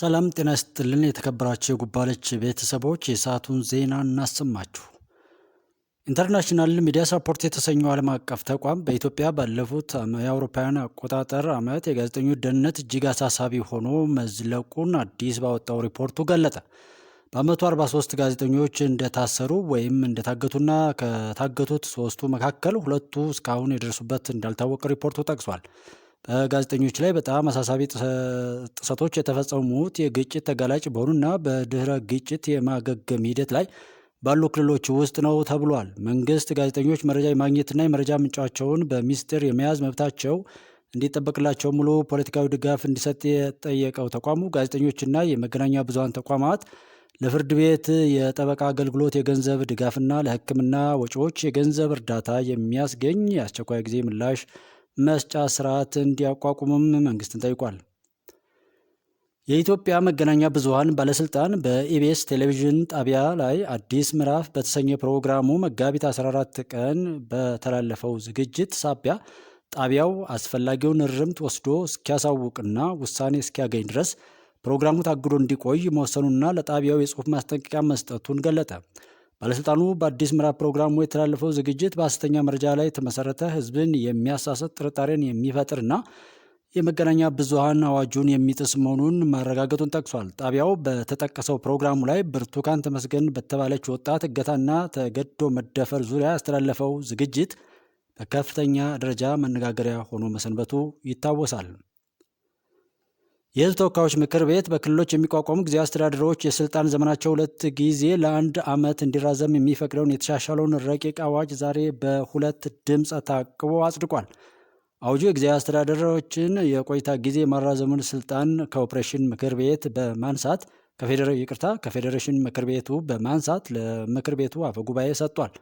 ሰላም ጤና ይስጥልን። የተከበራቸው የጉባለች ቤተሰቦች የሰዓቱን ዜና እናሰማችሁ። ኢንተርናሽናል ሚዲያ ሰፖርት የተሰኘው ዓለም አቀፍ ተቋም በኢትዮጵያ ባለፉት የአውሮፓውያን አቆጣጠር ዓመት የጋዜጠኞች ደህንነት እጅግ አሳሳቢ ሆኖ መዝለቁን አዲስ ባወጣው ሪፖርቱ ገለጠ። በአመቱ 43 ጋዜጠኞች እንደታሰሩ ወይም እንደታገቱና ከታገቱት ሶስቱ መካከል ሁለቱ እስካሁን የደረሱበት እንዳልታወቀ ሪፖርቱ ጠቅሷል። በጋዜጠኞች ላይ በጣም አሳሳቢ ጥሰቶች የተፈጸሙት የግጭት ተጋላጭ በሆኑና በድህረ ግጭት የማገገም ሂደት ላይ ባሉ ክልሎች ውስጥ ነው ተብሏል። መንግስት ጋዜጠኞች መረጃ የማግኘትና የመረጃ ምንጫቸውን በሚስጥር የመያዝ መብታቸው እንዲጠበቅላቸው ሙሉ ፖለቲካዊ ድጋፍ እንዲሰጥ የጠየቀው ተቋሙ ጋዜጠኞችና የመገናኛ ብዙሃን ተቋማት ለፍርድ ቤት የጠበቃ አገልግሎት የገንዘብ ድጋፍና ለሕክምና ወጪዎች የገንዘብ እርዳታ የሚያስገኝ የአስቸኳይ ጊዜ ምላሽ መስጫ ስርዓት እንዲያቋቁምም መንግስትን ጠይቋል። የኢትዮጵያ መገናኛ ብዙሃን ባለስልጣን በኢቢኤስ ቴሌቪዥን ጣቢያ ላይ አዲስ ምዕራፍ በተሰኘ ፕሮግራሙ መጋቢት 14 ቀን በተላለፈው ዝግጅት ሳቢያ ጣቢያው አስፈላጊውን እርምት ወስዶ እስኪያሳውቅና ውሳኔ እስኪያገኝ ድረስ ፕሮግራሙ ታግዶ እንዲቆይ መወሰኑና ለጣቢያው የጽሑፍ ማስጠንቀቂያ መስጠቱን ገለጠ። ባለስልጣኑ በአዲስ ምዕራብ ፕሮግራሙ የተላለፈው ዝግጅት በሐሰተኛ መረጃ ላይ የተመሰረተ ህዝብን የሚያሳሰጥ ጥርጣሬን የሚፈጥርና የመገናኛ ብዙሃን አዋጁን የሚጥስ መሆኑን ማረጋገጡን ጠቅሷል። ጣቢያው በተጠቀሰው ፕሮግራሙ ላይ ብርቱካን ተመስገን በተባለች ወጣት እገታና ተገዶ መደፈር ዙሪያ ያስተላለፈው ዝግጅት በከፍተኛ ደረጃ መነጋገሪያ ሆኖ መሰንበቱ ይታወሳል። የህዝብ ተወካዮች ምክር ቤት በክልሎች የሚቋቋሙ ጊዜ አስተዳደሮች የስልጣን ዘመናቸው ሁለት ጊዜ ለአንድ ዓመት እንዲራዘም የሚፈቅደውን የተሻሻለውን ረቂቅ አዋጅ ዛሬ በሁለት ድምፅ ታቅቦ አጽድቋል። አዋጁ የጊዜ አስተዳደሮችን የቆይታ ጊዜ ማራዘሙን ስልጣን ከኦፕሬሽን ምክር ቤት በማንሳት ከፌዴሬ ይቅርታ ከፌዴሬሽን ምክር ቤቱ በማንሳት ለምክር ቤቱ አፈጉባኤ ሰጥቷል።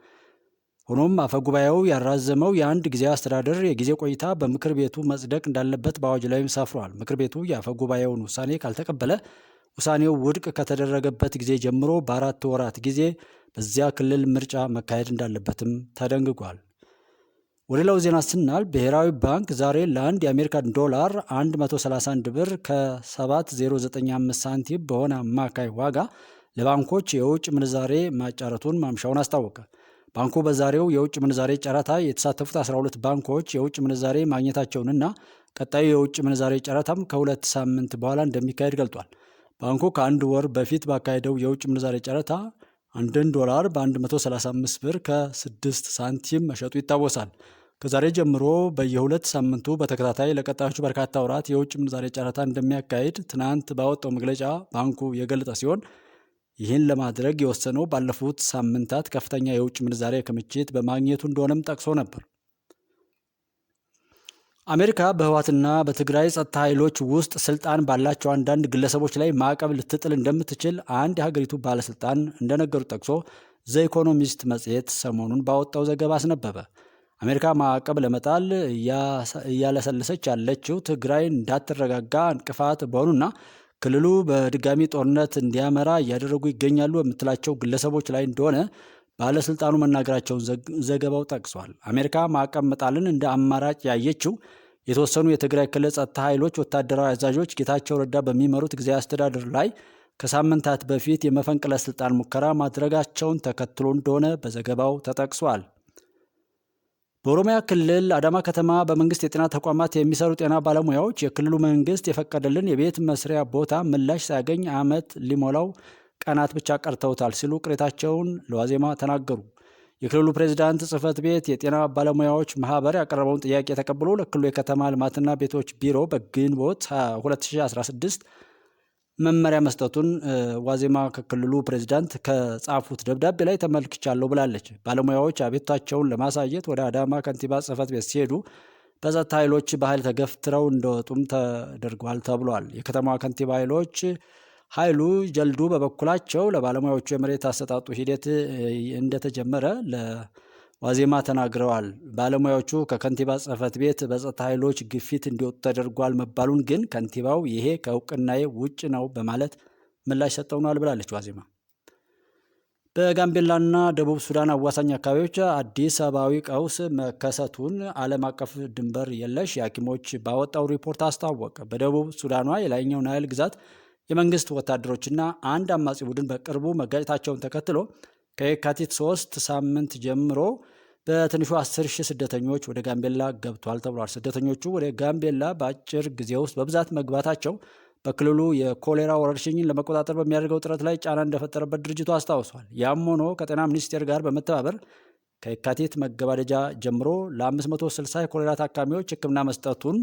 ሆኖም አፈ ጉባኤው ያራዘመው የአንድ ጊዜ አስተዳደር የጊዜ ቆይታ በምክር ቤቱ መጽደቅ እንዳለበት በአዋጅ ላይም ሰፍሯል። ምክር ቤቱ የአፈጉባኤውን ውሳኔ ካልተቀበለ ውሳኔው ውድቅ ከተደረገበት ጊዜ ጀምሮ በአራት ወራት ጊዜ በዚያ ክልል ምርጫ መካሄድ እንዳለበትም ተደንግጓል። ወደ ሌላው ዜና ስናል ብሔራዊ ባንክ ዛሬ ለአንድ የአሜሪካን ዶላር 131 ብር ከ7095 ሳንቲም በሆነ አማካይ ዋጋ ለባንኮች የውጭ ምንዛሬ ማጫረቱን ማምሻውን አስታወቀ። ባንኩ በዛሬው የውጭ ምንዛሬ ጨረታ የተሳተፉት 12 ባንኮች የውጭ ምንዛሬ ማግኘታቸውንና ቀጣዩ የውጭ ምንዛሬ ጨረታም ከሁለት ሳምንት በኋላ እንደሚካሄድ ገልጧል። ባንኩ ከአንድ ወር በፊት ባካሄደው የውጭ ምንዛሬ ጨረታ አንድን ዶላር በ135 ብር ከ6 ሳንቲም መሸጡ ይታወሳል። ከዛሬ ጀምሮ በየሁለት ሳምንቱ በተከታታይ ለቀጣዮቹ በርካታ ወራት የውጭ ምንዛሬ ጨረታ እንደሚያካሄድ ትናንት ባወጣው መግለጫ ባንኩ የገለጸ ሲሆን ይህን ለማድረግ የወሰነው ባለፉት ሳምንታት ከፍተኛ የውጭ ምንዛሬ ክምችት በማግኘቱ እንደሆነም ጠቅሶ ነበር። አሜሪካ በህዋትና በትግራይ ጸጥታ ኃይሎች ውስጥ ስልጣን ባላቸው አንዳንድ ግለሰቦች ላይ ማዕቀብ ልትጥል እንደምትችል አንድ የሀገሪቱ ባለስልጣን እንደነገሩ ጠቅሶ ዘ ኢኮኖሚስት መጽሔት ሰሞኑን ባወጣው ዘገባ አስነበበ። አሜሪካ ማዕቀብ ለመጣል እያለሰለሰች ያለችው ትግራይ እንዳትረጋጋ እንቅፋት በሆኑና ክልሉ በድጋሚ ጦርነት እንዲያመራ እያደረጉ ይገኛሉ በምትላቸው ግለሰቦች ላይ እንደሆነ ባለስልጣኑ መናገራቸውን ዘገባው ጠቅሷል። አሜሪካ ማዕቀብ መጣልን እንደ አማራጭ ያየችው የተወሰኑ የትግራይ ክልል ጸጥታ ኃይሎች ወታደራዊ አዛዦች ጌታቸው ረዳ በሚመሩት ጊዜያዊ አስተዳደር ላይ ከሳምንታት በፊት የመፈንቅለ ስልጣን ሙከራ ማድረጋቸውን ተከትሎ እንደሆነ በዘገባው ተጠቅሷል። በኦሮሚያ ክልል አዳማ ከተማ በመንግስት የጤና ተቋማት የሚሰሩ ጤና ባለሙያዎች የክልሉ መንግስት የፈቀደልን የቤት መስሪያ ቦታ ምላሽ ሳያገኝ ዓመት ሊሞላው ቀናት ብቻ ቀርተውታል ሲሉ ቅሬታቸውን ለዋዜማ ተናገሩ። የክልሉ ፕሬዚዳንት ጽህፈት ቤት የጤና ባለሙያዎች ማህበር ያቀረበውን ጥያቄ ተቀብሎ ለክልሉ የከተማ ልማትና ቤቶች ቢሮ በግንቦት 2016 መመሪያ መስጠቱን ዋዜማ ከክልሉ ፕሬዚዳንት ከጻፉት ደብዳቤ ላይ ተመልክቻለሁ ብላለች። ባለሙያዎች አቤቱታቸውን ለማሳየት ወደ አዳማ ከንቲባ ጽህፈት ቤት ሲሄዱ በጸጥታ ኃይሎች በኃይል ተገፍትረው እንደወጡም ተደርጓል ተብሏል። የከተማዋ ከንቲባ ኃይሎች ኃይሉ ጀልዱ በበኩላቸው ለባለሙያዎቹ የመሬት አሰጣጡ ሂደት እንደተጀመረ ዋዜማ ተናግረዋል። ባለሙያዎቹ ከከንቲባ ጽህፈት ቤት በጸጥታ ኃይሎች ግፊት እንዲወጡ ተደርጓል መባሉን ግን ከንቲባው ይሄ ከእውቅናዬ ውጭ ነው በማለት ምላሽ ሰጠውናል ብላለች ዋዜማ። በጋምቤላና ደቡብ ሱዳን አዋሳኝ አካባቢዎች አዲስ ሰብአዊ ቀውስ መከሰቱን ዓለም አቀፍ ድንበር የለሽ የሐኪሞች ባወጣው ሪፖርት አስታወቀ። በደቡብ ሱዳኗ የላይኛው ናይል ግዛት የመንግስት ወታደሮችና አንድ አማጺ ቡድን በቅርቡ መጋጨታቸውን ተከትሎ ከየካቲት ሶስት ሳምንት ጀምሮ በትንሹ 10 ሺህ ስደተኞች ወደ ጋምቤላ ገብቷል ተብሏል። ስደተኞቹ ወደ ጋምቤላ በአጭር ጊዜ ውስጥ በብዛት መግባታቸው በክልሉ የኮሌራ ወረርሽኝን ለመቆጣጠር በሚያደርገው ጥረት ላይ ጫና እንደፈጠረበት ድርጅቱ አስታውሷል። ያም ሆኖ ከጤና ሚኒስቴር ጋር በመተባበር ከየካቲት መገባደጃ ጀምሮ ለ560 የኮሌራ ታካሚዎች ሕክምና መስጠቱን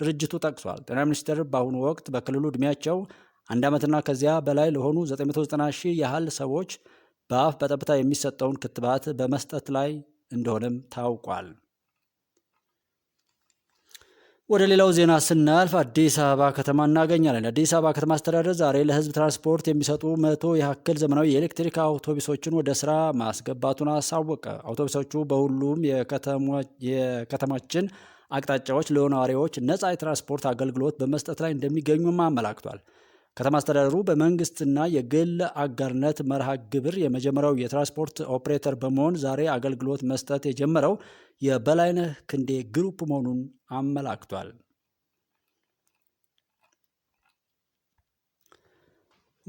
ድርጅቱ ጠቅሷል። ጤና ሚኒስቴር በአሁኑ ወቅት በክልሉ ዕድሜያቸው አንድ ዓመትና ከዚያ በላይ ለሆኑ 990 ሺህ ያህል ሰዎች በአፍ በጠብታ የሚሰጠውን ክትባት በመስጠት ላይ እንደሆነም ታውቋል። ወደ ሌላው ዜና ስናልፍ አዲስ አበባ ከተማ እናገኛለን። አዲስ አበባ ከተማ አስተዳደር ዛሬ ለሕዝብ ትራንስፖርት የሚሰጡ መቶ ያክል ዘመናዊ የኤሌክትሪክ አውቶቡሶችን ወደ ስራ ማስገባቱን አሳወቀ። አውቶቡሶቹ በሁሉም የከተማችን አቅጣጫዎች ለነዋሪዎች ነፃ የትራንስፖርት አገልግሎት በመስጠት ላይ እንደሚገኙም አመላክቷል። ከተማ አስተዳደሩ በመንግስትና የግል አጋርነት መርሃ ግብር የመጀመሪያው የትራንስፖርት ኦፕሬተር በመሆን ዛሬ አገልግሎት መስጠት የጀመረው የበላይነህ ክንዴ ግሩፕ መሆኑን አመላክቷል።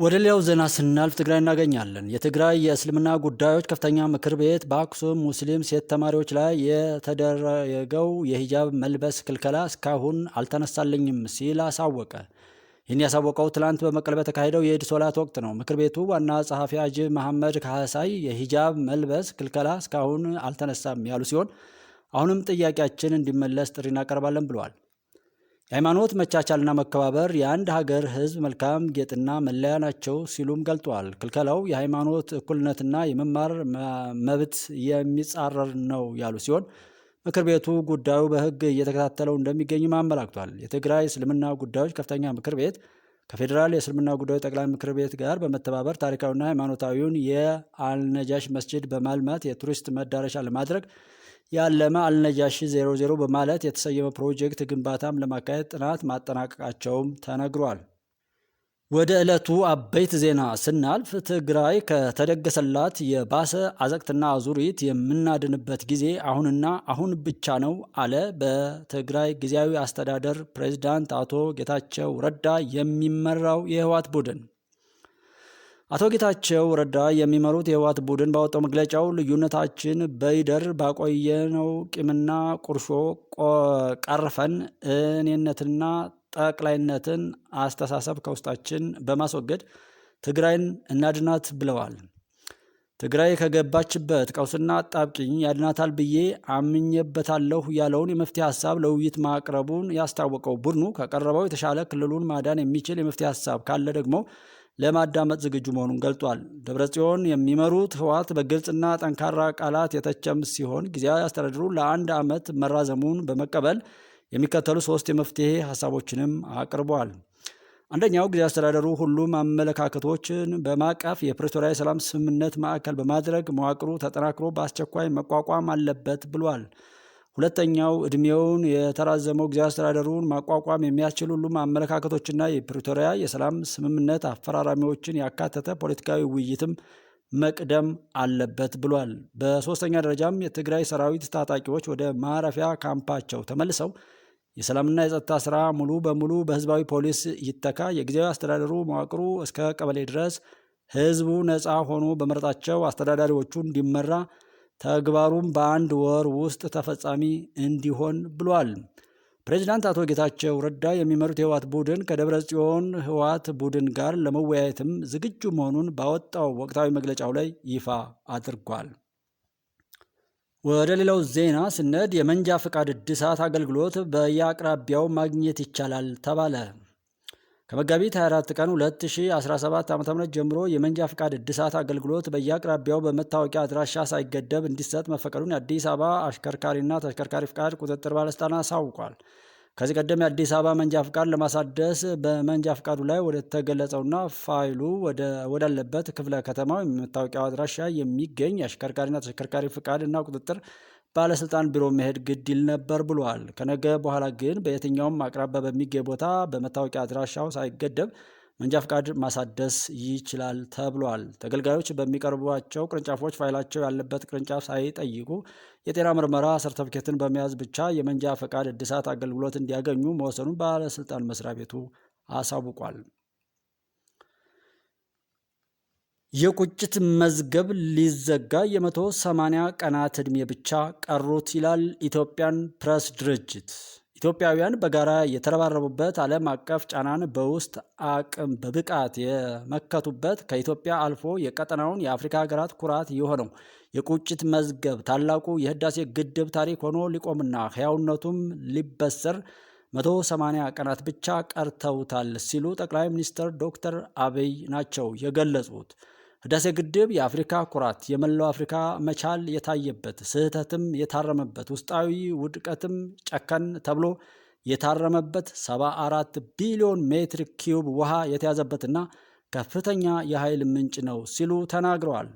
ወደ ሌላው ዜና ስናልፍ ትግራይ እናገኛለን። የትግራይ የእስልምና ጉዳዮች ከፍተኛ ምክር ቤት በአክሱም ሙስሊም ሴት ተማሪዎች ላይ የተደረገው የሂጃብ መልበስ ክልከላ እስካሁን አልተነሳልኝም ሲል አሳወቀ። ይህን ያሳወቀው ትላንት በመቀለ በተካሄደው የኢድ ሶላት ወቅት ነው። ምክር ቤቱ ዋና ጸሐፊ አጅ መሐመድ ካህሳይ የሂጃብ መልበስ ክልከላ እስካሁን አልተነሳም ያሉ ሲሆን አሁንም ጥያቄያችን እንዲመለስ ጥሪ እናቀርባለን ብለዋል። የሃይማኖት መቻቻልና መከባበር የአንድ ሀገር ሕዝብ መልካም ጌጥና መለያ ናቸው ሲሉም ገልጠዋል። ክልከላው የሃይማኖት እኩልነትና የመማር መብት የሚጻረር ነው ያሉ ሲሆን ምክር ቤቱ ጉዳዩ በህግ እየተከታተለው እንደሚገኝም አመላክቷል። የትግራይ እስልምና ጉዳዮች ከፍተኛ ምክር ቤት ከፌዴራል የእስልምና ጉዳዮች ጠቅላይ ምክር ቤት ጋር በመተባበር ታሪካዊና ሃይማኖታዊውን የአልነጃሽ መስጂድ በማልማት የቱሪስት መዳረሻ ለማድረግ ያለመ አልነጃሺ 00 በማለት የተሰየመ ፕሮጀክት ግንባታም ለማካሄድ ጥናት ማጠናቀቃቸውም ተነግሯል። ወደ ዕለቱ አበይት ዜና ስናልፍ ትግራይ ከተደገሰላት የባሰ አዘቅትና አዙሪት የምናድንበት ጊዜ አሁንና አሁን ብቻ ነው አለ በትግራይ ጊዜያዊ አስተዳደር ፕሬዚዳንት አቶ ጌታቸው ረዳ የሚመራው የህወሓት ቡድን። አቶ ጌታቸው ረዳ የሚመሩት የህወሓት ቡድን ባወጣው መግለጫው ልዩነታችን በይደር ባቆየነው ቂምና ቁርሾ ቀርፈን እኔነትና ጠቅላይነትን አስተሳሰብ ከውስጣችን በማስወገድ ትግራይን እናድናት ብለዋል። ትግራይ ከገባችበት ቀውስና አጣብቂኝ ያድናታል ብዬ አምኜበታለሁ ያለውን የመፍትሄ ሀሳብ ለውይይት ማቅረቡን ያስታወቀው ቡድኑ ከቀረበው የተሻለ ክልሉን ማዳን የሚችል የመፍትሄ ሀሳብ ካለ ደግሞ ለማዳመጥ ዝግጁ መሆኑን ገልጧል። ደብረጽዮን የሚመሩት ህወሓት በግልጽና ጠንካራ ቃላት የተቸም ሲሆን ጊዜያዊ አስተዳደሩ ለአንድ ዓመት መራዘሙን በመቀበል የሚከተሉ ሶስት የመፍትሄ ሀሳቦችንም አቅርቧል። አንደኛው ጊዜ አስተዳደሩ ሁሉም አመለካከቶችን በማቀፍ የፕሪቶሪያ የሰላም ስምምነት ማዕከል በማድረግ መዋቅሩ ተጠናክሮ በአስቸኳይ መቋቋም አለበት ብሏል። ሁለተኛው እድሜውን የተራዘመው ጊዜ አስተዳደሩን ማቋቋም የሚያስችል ሁሉም አመለካከቶችና የፕሪቶሪያ የሰላም ስምምነት አፈራራሚዎችን ያካተተ ፖለቲካዊ ውይይትም መቅደም አለበት ብሏል። በሶስተኛ ደረጃም የትግራይ ሰራዊት ታጣቂዎች ወደ ማረፊያ ካምፓቸው ተመልሰው የሰላምና የጸጥታ ስራ ሙሉ በሙሉ በህዝባዊ ፖሊስ ይተካ፣ የጊዜያዊ አስተዳደሩ መዋቅሩ እስከ ቀበሌ ድረስ ህዝቡ ነፃ ሆኖ በመረጣቸው አስተዳዳሪዎቹ እንዲመራ ተግባሩም በአንድ ወር ውስጥ ተፈጻሚ እንዲሆን ብሏል። ፕሬዚዳንት አቶ ጌታቸው ረዳ የሚመሩት የህወሓት ቡድን ከደብረ ጽዮን ህወሓት ቡድን ጋር ለመወያየትም ዝግጁ መሆኑን ባወጣው ወቅታዊ መግለጫው ላይ ይፋ አድርጓል። ወደ ሌላው ዜና ስነድ የመንጃ ፈቃድ እድሳት አገልግሎት በየአቅራቢያው ማግኘት ይቻላል ተባለ። ከመጋቢት 24 ቀን 2017 ዓ ም ጀምሮ የመንጃ ፍቃድ እድሳት አገልግሎት በየአቅራቢያው በመታወቂያ አድራሻ ሳይገደብ እንዲሰጥ መፈቀዱን የአዲስ አበባ አሽከርካሪና ተሽከርካሪ ፍቃድ ቁጥጥር ባለስልጣን አሳውቋል። ከዚህ ቀደም የአዲስ አበባ መንጃ ፍቃድ ለማሳደስ በመንጃ ፍቃዱ ላይ ወደተገለጸውና ፋይሉ ወዳለበት ክፍለ ከተማው የመታወቂያው አድራሻ የሚገኝ የአሽከርካሪና ተሽከርካሪ ፍቃድ እና ቁጥጥር ባለስልጣን ቢሮ መሄድ ግድ ይል ነበር ብሏል። ከነገ በኋላ ግን በየትኛውም አቅራቢያ በሚገኝ ቦታ በመታወቂያ አድራሻው ሳይገደብ መንጃ ፈቃድ ማሳደስ ይችላል ተብሏል። ተገልጋዮች በሚቀርቧቸው ቅርንጫፎች ፋይላቸው ያለበት ቅርንጫፍ ሳይጠይቁ የጤና ምርመራ ሰርተፍኬትን በመያዝ ብቻ የመንጃ ፈቃድ እድሳት አገልግሎት እንዲያገኙ መወሰኑን ባለስልጣን መስሪያ ቤቱ አሳውቋል። የቁጭት መዝገብ ሊዘጋ የመቶ ሰማንያ ቀናት ዕድሜ ብቻ ቀሩት ይላል ኢትዮጵያን ፕሬስ ድርጅት። ኢትዮጵያውያን በጋራ የተረባረቡበት ዓለም አቀፍ ጫናን በውስጥ አቅም በብቃት የመከቱበት ከኢትዮጵያ አልፎ የቀጠናውን የአፍሪካ ሀገራት ኩራት የሆነው የቁጭት መዝገብ ታላቁ የህዳሴ ግድብ ታሪክ ሆኖ ሊቆምና ሕያውነቱም ሊበሰር መቶ ቀናት ብቻ ቀርተውታል ሲሉ ጠቅላይ ሚኒስትር ዶክተር አብይ ናቸው የገለጹት። ህዳሴ ግድብ የአፍሪካ ኩራት፣ የመላው አፍሪካ መቻል የታየበት ስህተትም የታረመበት ውስጣዊ ውድቀትም ጨከን ተብሎ የታረመበት 74 ቢሊዮን ሜትር ኪዩብ ውሃ የተያዘበትና ከፍተኛ የኃይል ምንጭ ነው ሲሉ ተናግረዋል።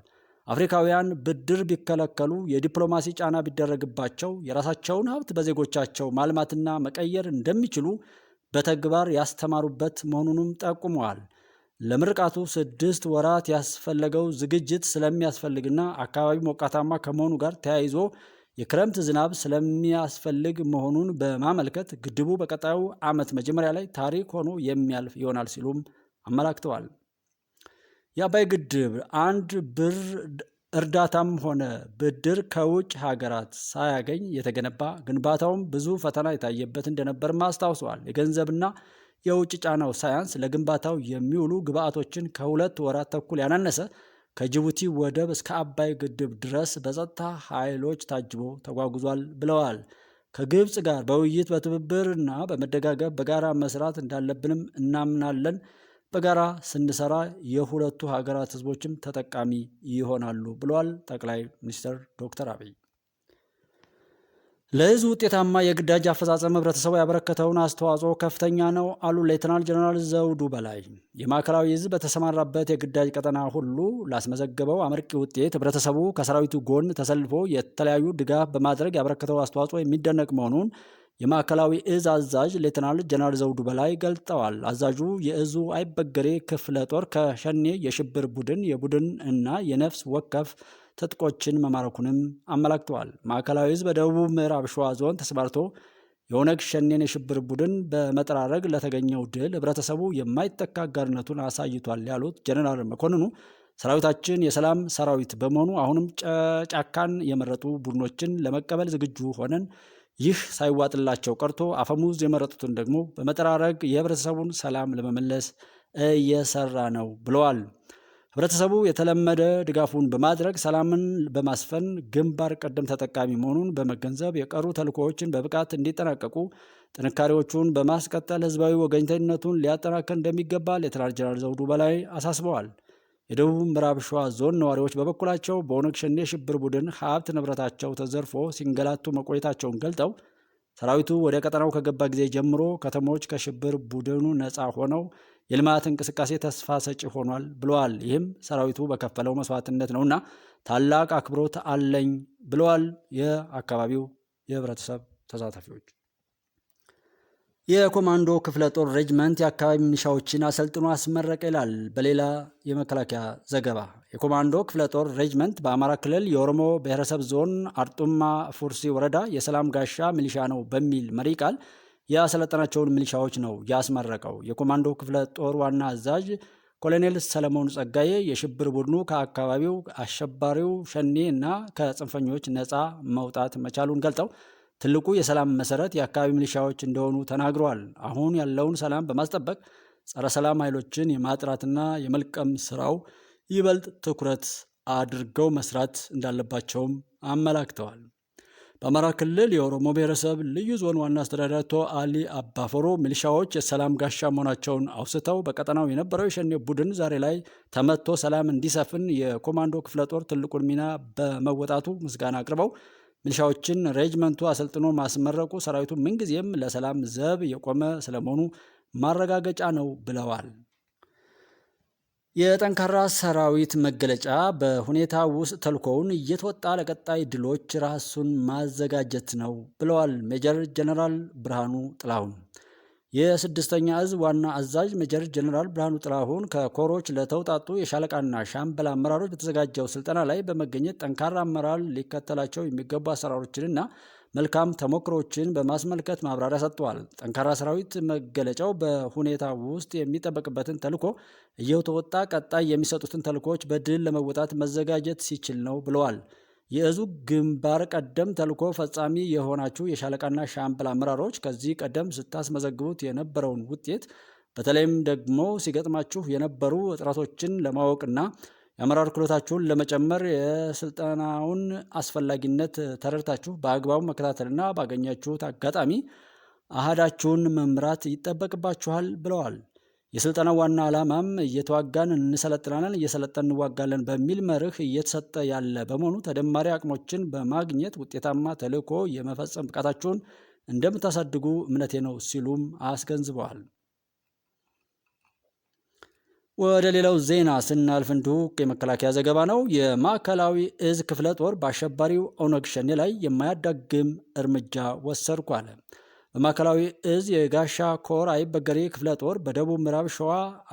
አፍሪካውያን ብድር ቢከለከሉ፣ የዲፕሎማሲ ጫና ቢደረግባቸው የራሳቸውን ሀብት በዜጎቻቸው ማልማትና መቀየር እንደሚችሉ በተግባር ያስተማሩበት መሆኑንም ጠቁመዋል። ለምርቃቱ ስድስት ወራት ያስፈለገው ዝግጅት ስለሚያስፈልግና አካባቢ ሞቃታማ ከመሆኑ ጋር ተያይዞ የክረምት ዝናብ ስለሚያስፈልግ መሆኑን በማመልከት ግድቡ በቀጣዩ ዓመት መጀመሪያ ላይ ታሪክ ሆኖ የሚያልፍ ይሆናል ሲሉም አመላክተዋል። የአባይ ግድብ አንድ ብር እርዳታም ሆነ ብድር ከውጭ ሀገራት ሳያገኝ የተገነባ ግንባታውም ብዙ ፈተና የታየበት እንደነበርም አስታውሰዋል። የገንዘብና የውጭ ጫናው ሳያንስ ለግንባታው የሚውሉ ግብዓቶችን ከሁለት ወራት ተኩል ያናነሰ ከጅቡቲ ወደብ እስከ አባይ ግድብ ድረስ በጸጥታ ኃይሎች ታጅቦ ተጓጉዟል ብለዋል። ከግብፅ ጋር በውይይት በትብብርና በመደጋገብ በጋራ መስራት እንዳለብንም እናምናለን። በጋራ ስንሰራ የሁለቱ ሀገራት ህዝቦችም ተጠቃሚ ይሆናሉ ብለዋል ጠቅላይ ሚኒስትር ዶክተር አብይ ለህዝብ ውጤታማ የግዳጅ አፈጻጸም ህብረተሰቡ ያበረከተውን አስተዋጽኦ ከፍተኛ ነው አሉ ሌተናል ጀነራል ዘውዱ በላይ። የማዕከላዊ ህዝብ በተሰማራበት የግዳጅ ቀጠና ሁሉ ላስመዘገበው አመርቂ ውጤት ህብረተሰቡ ከሰራዊቱ ጎን ተሰልፎ የተለያዩ ድጋፍ በማድረግ ያበረከተው አስተዋጽኦ የሚደነቅ መሆኑን የማዕከላዊ እዝ አዛዥ ሌተናል ጀነራል ዘውዱ በላይ ገልጠዋል። አዛዡ የእዙ አይበገሬ ክፍለ ጦር ከሸኔ የሽብር ቡድን የቡድን እና የነፍስ ወከፍ ትጥቆችን መማረኩንም አመላክተዋል። ማዕከላዊ ዕዝ በደቡብ ምዕራብ ሸዋ ዞን ተሰማርቶ የኦነግ ሸኔን የሽብር ቡድን በመጠራረግ ለተገኘው ድል ህብረተሰቡ የማይተካ አጋርነቱን አሳይቷል ያሉት ጀነራል መኮንኑ ሰራዊታችን የሰላም ሰራዊት በመሆኑ አሁንም ጫካን የመረጡ ቡድኖችን ለመቀበል ዝግጁ ሆነን ይህ ሳይዋጥላቸው ቀርቶ አፈሙዝ የመረጡትን ደግሞ በመጠራረግ የህብረተሰቡን ሰላም ለመመለስ እየሰራ ነው ብለዋል። ህብረተሰቡ የተለመደ ድጋፉን በማድረግ ሰላምን በማስፈን ግንባር ቀደም ተጠቃሚ መሆኑን በመገንዘብ የቀሩ ተልዕኮዎችን በብቃት እንዲጠናቀቁ ጥንካሬዎቹን በማስቀጠል ህዝባዊ ወገኝተኝነቱን ሊያጠናከር እንደሚገባ ሌተናል ጀነራል ዘውዱ በላይ አሳስበዋል። የደቡብ ምዕራብ ሸዋ ዞን ነዋሪዎች በበኩላቸው በኦነግ ሸኔ ሽብር ቡድን ሀብት ንብረታቸው ተዘርፎ ሲንገላቱ መቆየታቸውን ገልጠው ሰራዊቱ ወደ ቀጠናው ከገባ ጊዜ ጀምሮ ከተሞች ከሽብር ቡድኑ ነፃ ሆነው የልማት እንቅስቃሴ ተስፋ ሰጪ ሆኗል ብለዋል። ይህም ሰራዊቱ በከፈለው መስዋዕትነት ነውና ታላቅ አክብሮት አለኝ ብለዋል የአካባቢው የህብረተሰብ ተሳታፊዎች። የኮማንዶ ክፍለ ጦር ሬጅመንት የአካባቢ ሚኒሻዎችን አሰልጥኖ አስመረቀ ይላል በሌላ የመከላከያ ዘገባ። የኮማንዶ ክፍለ ጦር ሬጅመንት በአማራ ክልል የኦሮሞ ብሔረሰብ ዞን አርጡማ ፉርሲ ወረዳ የሰላም ጋሻ ሚሊሻ ነው በሚል መሪ ቃል ያሰለጠናቸውን ሚሊሻዎች ነው ያስመረቀው። የኮማንዶ ክፍለ ጦር ዋና አዛዥ ኮሎኔል ሰለሞን ጸጋዬ የሽብር ቡድኑ ከአካባቢው አሸባሪው ሸኔ እና ከጽንፈኞች ነፃ መውጣት መቻሉን ገልጠው ትልቁ የሰላም መሰረት የአካባቢ ሚሊሻዎች እንደሆኑ ተናግረዋል። አሁን ያለውን ሰላም በማስጠበቅ ጸረ ሰላም ኃይሎችን የማጥራትና የመልቀም ስራው ይበልጥ ትኩረት አድርገው መስራት እንዳለባቸውም አመላክተዋል። በአማራ ክልል የኦሮሞ ብሔረሰብ ልዩ ዞን ዋና አስተዳዳሪ አቶ አሊ አባፈሮ ሚሊሻዎች የሰላም ጋሻ መሆናቸውን አውስተው በቀጠናው የነበረው የሸኔ ቡድን ዛሬ ላይ ተመቶ ሰላም እንዲሰፍን የኮማንዶ ክፍለ ጦር ትልቁን ሚና በመወጣቱ ምስጋና አቅርበው ሚሊሻዎችን ሬጅመንቱ አሰልጥኖ ማስመረቁ ሰራዊቱ ምንጊዜም ለሰላም ዘብ የቆመ ስለመሆኑ ማረጋገጫ ነው ብለዋል። የጠንካራ ሰራዊት መገለጫ በሁኔታ ውስጥ ተልኮውን እየተወጣ ለቀጣይ ድሎች ራሱን ማዘጋጀት ነው ብለዋል ሜጀር ጀነራል ብርሃኑ ጥላሁን። የስድስተኛ እዝ ዋና አዛዥ ሜጀር ጀነራል ብርሃኑ ጥላሁን ከኮሮች ለተውጣጡ የሻለቃና ሻምበላ አመራሮች በተዘጋጀው ስልጠና ላይ በመገኘት ጠንካራ አመራር ሊከተላቸው የሚገቡ አሰራሮችንና መልካም ተሞክሮችን በማስመልከት ማብራሪያ ሰጥተዋል። ጠንካራ ሰራዊት መገለጫው በሁኔታ ውስጥ የሚጠበቅበትን ተልዕኮ እየተወጣ ቀጣይ የሚሰጡትን ተልዕኮዎች በድል ለመወጣት መዘጋጀት ሲችል ነው ብለዋል። የእዙ ግንባር ቀደም ተልዕኮ ፈጻሚ የሆናችሁ የሻለቃና ሻምበል አመራሮች ከዚህ ቀደም ስታስመዘግቡት የነበረውን ውጤት በተለይም ደግሞ ሲገጥማችሁ የነበሩ እጥረቶችን ለማወቅና የአመራር ክህሎታችሁን ለመጨመር የስልጠናውን አስፈላጊነት ተረድታችሁ በአግባቡ መከታተልና ባገኛችሁት አጋጣሚ አህዳችሁን መምራት ይጠበቅባችኋል ብለዋል። የስልጠናው ዋና ዓላማም እየተዋጋን እንሰለጥናለን እየሰለጠን እንዋጋለን በሚል መርህ እየተሰጠ ያለ በመሆኑ ተደማሪ አቅሞችን በማግኘት ውጤታማ ተልዕኮ የመፈጸም ብቃታችሁን እንደምታሳድጉ እምነቴ ነው ሲሉም አስገንዝበዋል። ወደ ሌላው ዜና ስናልፍ እንዲሁ የመከላከያ ዘገባ ነው። የማዕከላዊ እዝ ክፍለ ጦር በአሸባሪው ኦነግ ሸኔ ላይ የማያዳግም እርምጃ ወሰድኩ አለ። በማዕከላዊ እዝ የጋሻ ኮር አይበገሬ ክፍለ ጦር በደቡብ ምዕራብ ሸዋ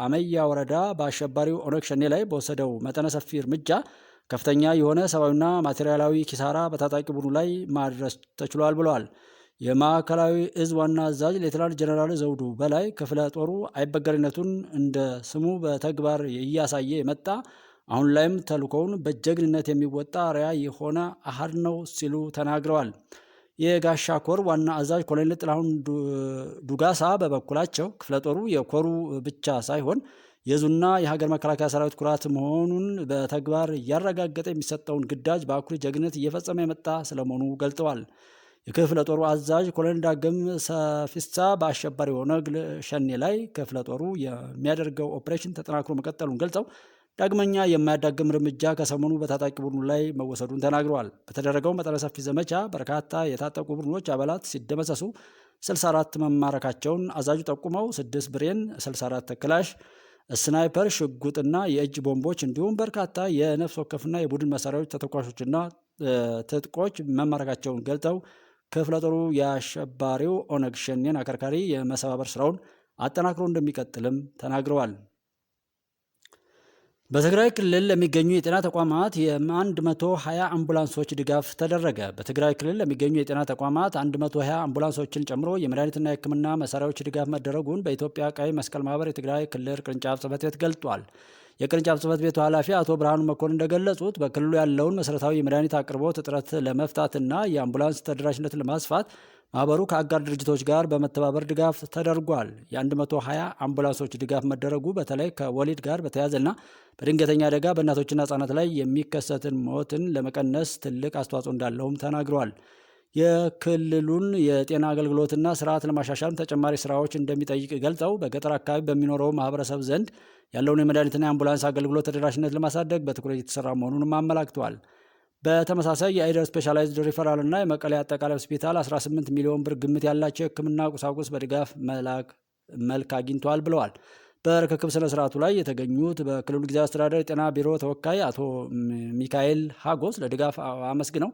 አመያ ወረዳ በአሸባሪው ኦነግ ሸኔ ላይ በወሰደው መጠነ ሰፊ እርምጃ ከፍተኛ የሆነ ሰብአዊና ማቴሪያላዊ ኪሳራ በታጣቂ ቡድኑ ላይ ማድረስ ተችሏል ብለዋል። የማዕከላዊ እዝ ዋና አዛዥ ሌተናል ጀነራል ዘውዱ በላይ ክፍለ ጦሩ አይበገሪነቱን እንደ ስሙ በተግባር እያሳየ የመጣ አሁን ላይም ተልኮውን በጀግንነት የሚወጣ ሪያ የሆነ አሃድ ነው ሲሉ ተናግረዋል። የጋሻ ኮር ዋና አዛዥ ኮሎኔል ጥላሁን ዱጋሳ በበኩላቸው ክፍለ ጦሩ የኮሩ ብቻ ሳይሆን የዙና የሀገር መከላከያ ሰራዊት ኩራት መሆኑን በተግባር እያረጋገጠ የሚሰጠውን ግዳጅ በአኩሪ ጀግነት እየፈጸመ የመጣ ስለመሆኑ ገልጠዋል። የክፍለ ጦሩ አዛዥ ኮሎኔል ዳግም ሰፊሳ በአሸባሪ ኦነግ ሸኔ ላይ ክፍለ ጦሩ የሚያደርገው ኦፕሬሽን ተጠናክሮ መቀጠሉን ገልጸው ዳግመኛ የማያዳግም እርምጃ ከሰሞኑ በታጣቂ ቡድኑ ላይ መወሰዱን ተናግረዋል። በተደረገው መጠነ ሰፊ ዘመቻ በርካታ የታጠቁ ቡድኖች አባላት ሲደመሰሱ 64 መማረካቸውን አዛዡ ጠቁመው 6 ብሬን፣ 64 ተክላሽ ስናይፐር ሽጉጥና የእጅ ቦምቦች እንዲሁም በርካታ የነፍስ ወከፍና የቡድን መሳሪያዎች ተተኳሾችና ትጥቆች መማረካቸውን ገልጠው ክፍለ ጦሩ የአሸባሪው ኦነግ ሸኔን አከርካሪ የመሰባበር ስራውን አጠናክሮ እንደሚቀጥልም ተናግረዋል። በትግራይ ክልል ለሚገኙ የጤና ተቋማት የ120 አምቡላንሶች ድጋፍ ተደረገ። በትግራይ ክልል ለሚገኙ የጤና ተቋማት 120 አምቡላንሶችን ጨምሮ የመድኃኒትና የሕክምና መሳሪያዎች ድጋፍ መደረጉን በኢትዮጵያ ቀይ መስቀል ማህበር የትግራይ ክልል ቅርንጫፍ ጽሕፈት ቤት ገልጧል። የቅርንጫፍ ጽህፈት ቤቱ ኃላፊ አቶ ብርሃኑ መኮን እንደገለጹት በክልሉ ያለውን መሰረታዊ የመድኃኒት አቅርቦት እጥረት ለመፍታትና የአምቡላንስ ተደራሽነት ለማስፋት ማህበሩ ከአጋር ድርጅቶች ጋር በመተባበር ድጋፍ ተደርጓል። የ120 አምቡላንሶች ድጋፍ መደረጉ በተለይ ከወሊድ ጋር በተያያዘና በድንገተኛ አደጋ በእናቶችና ህጻናት ላይ የሚከሰትን ሞትን ለመቀነስ ትልቅ አስተዋጽኦ እንዳለውም ተናግረዋል። የክልሉን የጤና አገልግሎትና ስርዓት ለማሻሻልም ተጨማሪ ስራዎች እንደሚጠይቅ ገልጸው በገጠር አካባቢ በሚኖረው ማህበረሰብ ዘንድ ያለውን የመድኃኒትና የአምቡላንስ አገልግሎት ተደራሽነት ለማሳደግ በትኩረት የተሰራ መሆኑንም አመላክተዋል። በተመሳሳይ የአይደር ስፔሻላይዝድ ሪፈራል እና የመቀሌ አጠቃላይ ሆስፒታል 18 ሚሊዮን ብር ግምት ያላቸው የህክምና ቁሳቁስ በድጋፍ መላክ መልክ አግኝተዋል ብለዋል። በርክክብ ስነ ስርዓቱ ላይ የተገኙት በክልሉ ጊዜያዊ አስተዳደር የጤና ቢሮ ተወካይ አቶ ሚካኤል ሀጎስ ለድጋፍ አመስግነው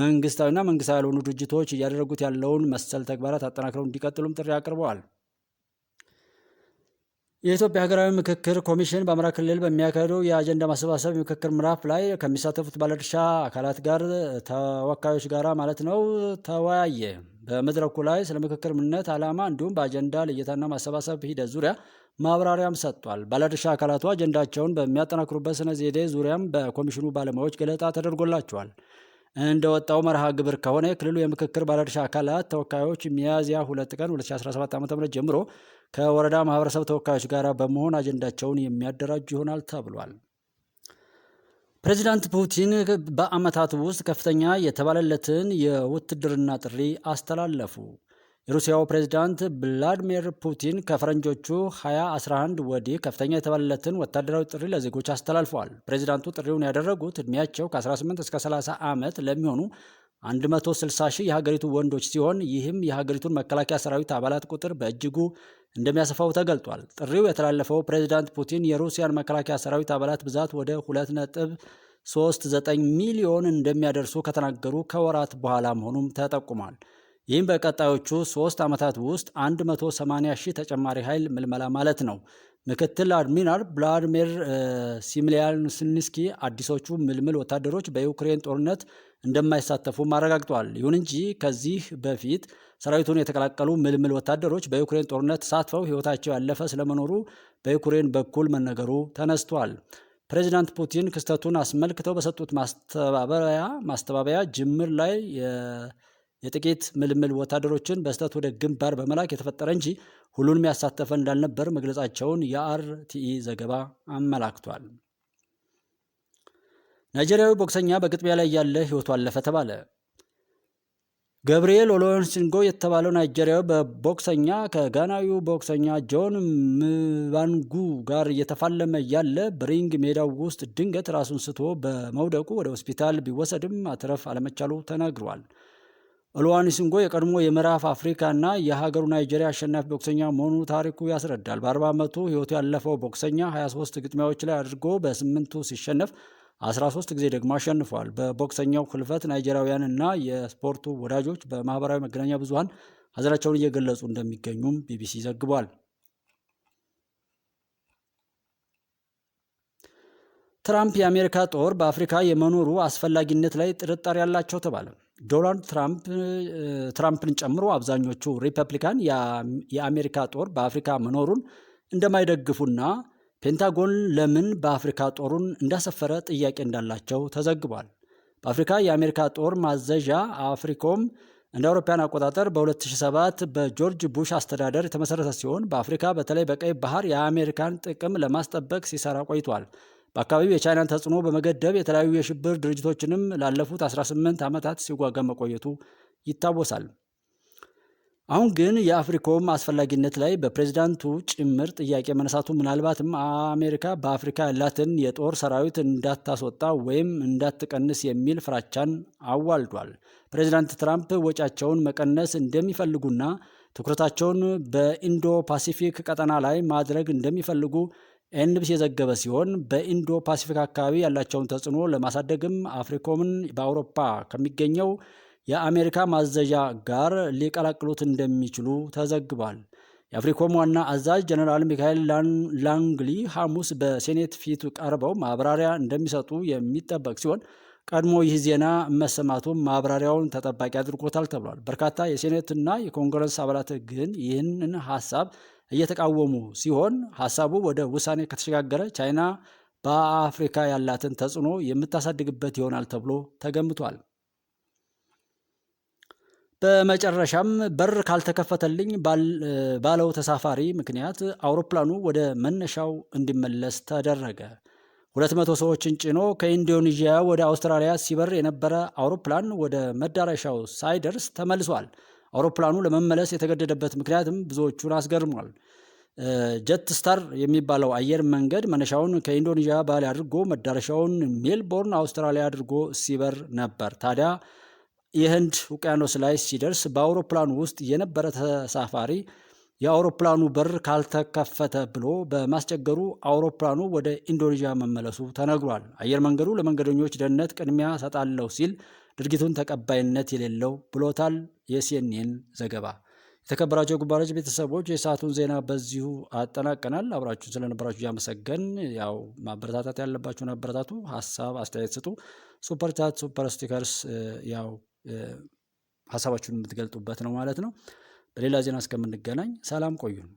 መንግስታዊና መንግስታዊ ያልሆኑ ድርጅቶች እያደረጉት ያለውን መሰል ተግባራት አጠናክረው እንዲቀጥሉም ጥሪ አቅርበዋል። የኢትዮጵያ ሀገራዊ ምክክር ኮሚሽን በአማራ ክልል በሚያካሄደው የአጀንዳ ማሰባሰብ ምክክር ምዕራፍ ላይ ከሚሳተፉት ባለድርሻ አካላት ጋር ተወካዮች ጋር ማለት ነው ተወያየ። በመድረኩ ላይ ስለ ምክክር ምንነት፣ ዓላማ እንዲሁም በአጀንዳ ልየታና ማሰባሰብ ሂደት ዙሪያ ማብራሪያም ሰጥቷል። ባለድርሻ አካላቱ አጀንዳቸውን በሚያጠናክሩበት ስነ ዘዴ ዙሪያም በኮሚሽኑ ባለሙያዎች ገለጣ ተደርጎላቸዋል። እንደወጣው መርሃ ግብር ከሆነ የክልሉ የምክክር ባለድርሻ አካላት ተወካዮች ሚያዝያ ሁለት ቀን 2017 ዓ ም ጀምሮ ከወረዳ ማህበረሰብ ተወካዮች ጋር በመሆን አጀንዳቸውን የሚያደራጁ ይሆናል ተብሏል። ፕሬዚዳንት ፑቲን በዓመታት ውስጥ ከፍተኛ የተባለለትን የውትድርና ጥሪ አስተላለፉ። የሩሲያው ፕሬዝዳንት ቭላድሚር ፑቲን ከፈረንጆቹ 2011 ወዲህ ከፍተኛ የተባለለትን ወታደራዊ ጥሪ ለዜጎች አስተላልፈዋል። ፕሬዝዳንቱ ጥሪውን ያደረጉት ዕድሜያቸው ከ18 እስከ 30 ዓመት ለሚሆኑ 160 ሺህ የሀገሪቱ ወንዶች ሲሆን ይህም የሀገሪቱን መከላከያ ሰራዊት አባላት ቁጥር በእጅጉ እንደሚያሰፋው ተገልጧል። ጥሪው የተላለፈው ፕሬዝዳንት ፑቲን የሩሲያን መከላከያ ሰራዊት አባላት ብዛት ወደ 239 ሚሊዮን እንደሚያደርሱ ከተናገሩ ከወራት በኋላ መሆኑም ተጠቁሟል። ይህም በቀጣዮቹ ሶስት ዓመታት ውስጥ 180 ሺህ ተጨማሪ ኃይል ምልመላ ማለት ነው። ምክትል አድሚራል ቭላድሚር ሲምሊያንስኪ አዲሶቹ ምልምል ወታደሮች በዩክሬን ጦርነት እንደማይሳተፉ አረጋግጧል። ይሁን እንጂ ከዚህ በፊት ሰራዊቱን የተቀላቀሉ ምልምል ወታደሮች በዩክሬን ጦርነት ተሳትፈው ሕይወታቸው ያለፈ ስለመኖሩ በዩክሬን በኩል መነገሩ ተነስቷል። ፕሬዚዳንት ፑቲን ክስተቱን አስመልክተው በሰጡት ማስተባበያ ማስተባበያ ጅምር ላይ የጥቂት ምልምል ወታደሮችን በስተት ወደ ግንባር በመላክ የተፈጠረ እንጂ ሁሉንም ያሳተፈ እንዳልነበር መግለጻቸውን የአርቲኢ ዘገባ አመላክቷል። ናይጄሪያዊ ቦክሰኛ በግጥሚያ ላይ ያለ ህይወቱ አለፈ ተባለ። ገብርኤል ኦሎንሲንጎ የተባለው ናይጄሪያዊ በቦክሰኛ ከጋናዊው ቦክሰኛ ጆን ምባንጉ ጋር እየተፋለመ ያለ በሪንግ ሜዳው ውስጥ ድንገት ራሱን ስቶ በመውደቁ ወደ ሆስፒታል ቢወሰድም ማትረፍ አለመቻሉ ተናግሯል። ኦሉዋኒሲንጎ የቀድሞ የምዕራብ አፍሪካ እና የሀገሩ ናይጄሪያ አሸናፊ ቦክሰኛ መሆኑ ታሪኩ ያስረዳል። በ40 ዓመቱ ሕይወቱ ያለፈው ቦክሰኛ 23 ግጥሚያዎች ላይ አድርጎ በስምንቱ ሲሸነፍ 13 ጊዜ ደግሞ አሸንፏል። በቦክሰኛው ህልፈት ናይጄሪያውያን እና የስፖርቱ ወዳጆች በማህበራዊ መገናኛ ብዙሃን ሀዘናቸውን እየገለጹ እንደሚገኙም ቢቢሲ ዘግቧል። ትራምፕ የአሜሪካ ጦር በአፍሪካ የመኖሩ አስፈላጊነት ላይ ጥርጣሬ ያላቸው ተባለ። ዶናልድ ትራምፕ ትራምፕን ጨምሮ አብዛኞቹ ሪፐብሊካን የአሜሪካ ጦር በአፍሪካ መኖሩን እንደማይደግፉና ፔንታጎን ለምን በአፍሪካ ጦሩን እንዳሰፈረ ጥያቄ እንዳላቸው ተዘግቧል። በአፍሪካ የአሜሪካ ጦር ማዘዣ አፍሪኮም እንደ አውሮፓውያን አቆጣጠር በ2007 በጆርጅ ቡሽ አስተዳደር የተመሰረተ ሲሆን በአፍሪካ በተለይ በቀይ ባህር የአሜሪካን ጥቅም ለማስጠበቅ ሲሰራ ቆይቷል። በአካባቢው የቻይናን ተጽዕኖ በመገደብ የተለያዩ የሽብር ድርጅቶችንም ላለፉት 18 ዓመታት ሲዋጋ መቆየቱ ይታወሳል። አሁን ግን የአፍሪኮም አስፈላጊነት ላይ በፕሬዚዳንቱ ጭምር ጥያቄ መነሳቱ ምናልባትም አሜሪካ በአፍሪካ ያላትን የጦር ሰራዊት እንዳታስወጣ ወይም እንዳትቀንስ የሚል ፍራቻን አዋልዷል። ፕሬዚዳንት ትራምፕ ወጪያቸውን መቀነስ እንደሚፈልጉና ትኩረታቸውን በኢንዶ ፓሲፊክ ቀጠና ላይ ማድረግ እንደሚፈልጉ ኤንቢሲ የዘገበ ሲሆን በኢንዶ ፓሲፊክ አካባቢ ያላቸውን ተጽዕኖ ለማሳደግም አፍሪኮምን በአውሮፓ ከሚገኘው የአሜሪካ ማዘዣ ጋር ሊቀላቅሉት እንደሚችሉ ተዘግቧል። የአፍሪኮም ዋና አዛዥ ጀነራል ሚካኤል ላንግሊ ሐሙስ በሴኔት ፊት ቀርበው ማብራሪያ እንደሚሰጡ የሚጠበቅ ሲሆን ቀድሞ ይህ ዜና መሰማቱም ማብራሪያውን ተጠባቂ አድርጎታል ተብሏል። በርካታ የሴኔትና የኮንግረስ አባላት ግን ይህንን ሀሳብ እየተቃወሙ ሲሆን ሀሳቡ ወደ ውሳኔ ከተሸጋገረ ቻይና በአፍሪካ ያላትን ተጽዕኖ የምታሳድግበት ይሆናል ተብሎ ተገምቷል። በመጨረሻም በር ካልተከፈተልኝ ባለው ተሳፋሪ ምክንያት አውሮፕላኑ ወደ መነሻው እንዲመለስ ተደረገ። ሁለት መቶ ሰዎችን ጭኖ ከኢንዶኔዥያ ወደ አውስትራሊያ ሲበር የነበረ አውሮፕላን ወደ መዳረሻው ሳይደርስ ተመልሷል። አውሮፕላኑ ለመመለስ የተገደደበት ምክንያትም ብዙዎቹን አስገርሟል። ጀት ስታር የሚባለው አየር መንገድ መነሻውን ከኢንዶኔዥያ ባሊ አድርጎ መዳረሻውን ሜልቦርን አውስትራሊያ አድርጎ ሲበር ነበር። ታዲያ የህንድ ውቅያኖስ ላይ ሲደርስ በአውሮፕላኑ ውስጥ የነበረ ተሳፋሪ የአውሮፕላኑ በር ካልተከፈተ ብሎ በማስቸገሩ አውሮፕላኑ ወደ ኢንዶኔዥያ መመለሱ ተነግሯል። አየር መንገዱ ለመንገደኞች ደህንነት ቅድሚያ ሰጣለሁ ሲል ድርጊቱን ተቀባይነት የሌለው ብሎታል የሲኤንኤን ዘገባ። የተከበራቸው ጉባኤዎች ቤተሰቦች የሰዓቱን ዜና በዚሁ አጠናቀናል። አብራችሁ ስለነበራችሁ እያመሰገን ያው ማበረታታት ያለባችሁን አበረታቱ፣ ሀሳብ አስተያየት ስጡ። ሱፐርቻት ሱፐር ስቲከርስ ያው ሀሳባችሁን የምትገልጡበት ነው ማለት ነው። በሌላ ዜና እስከምንገናኝ ሰላም ቆዩን።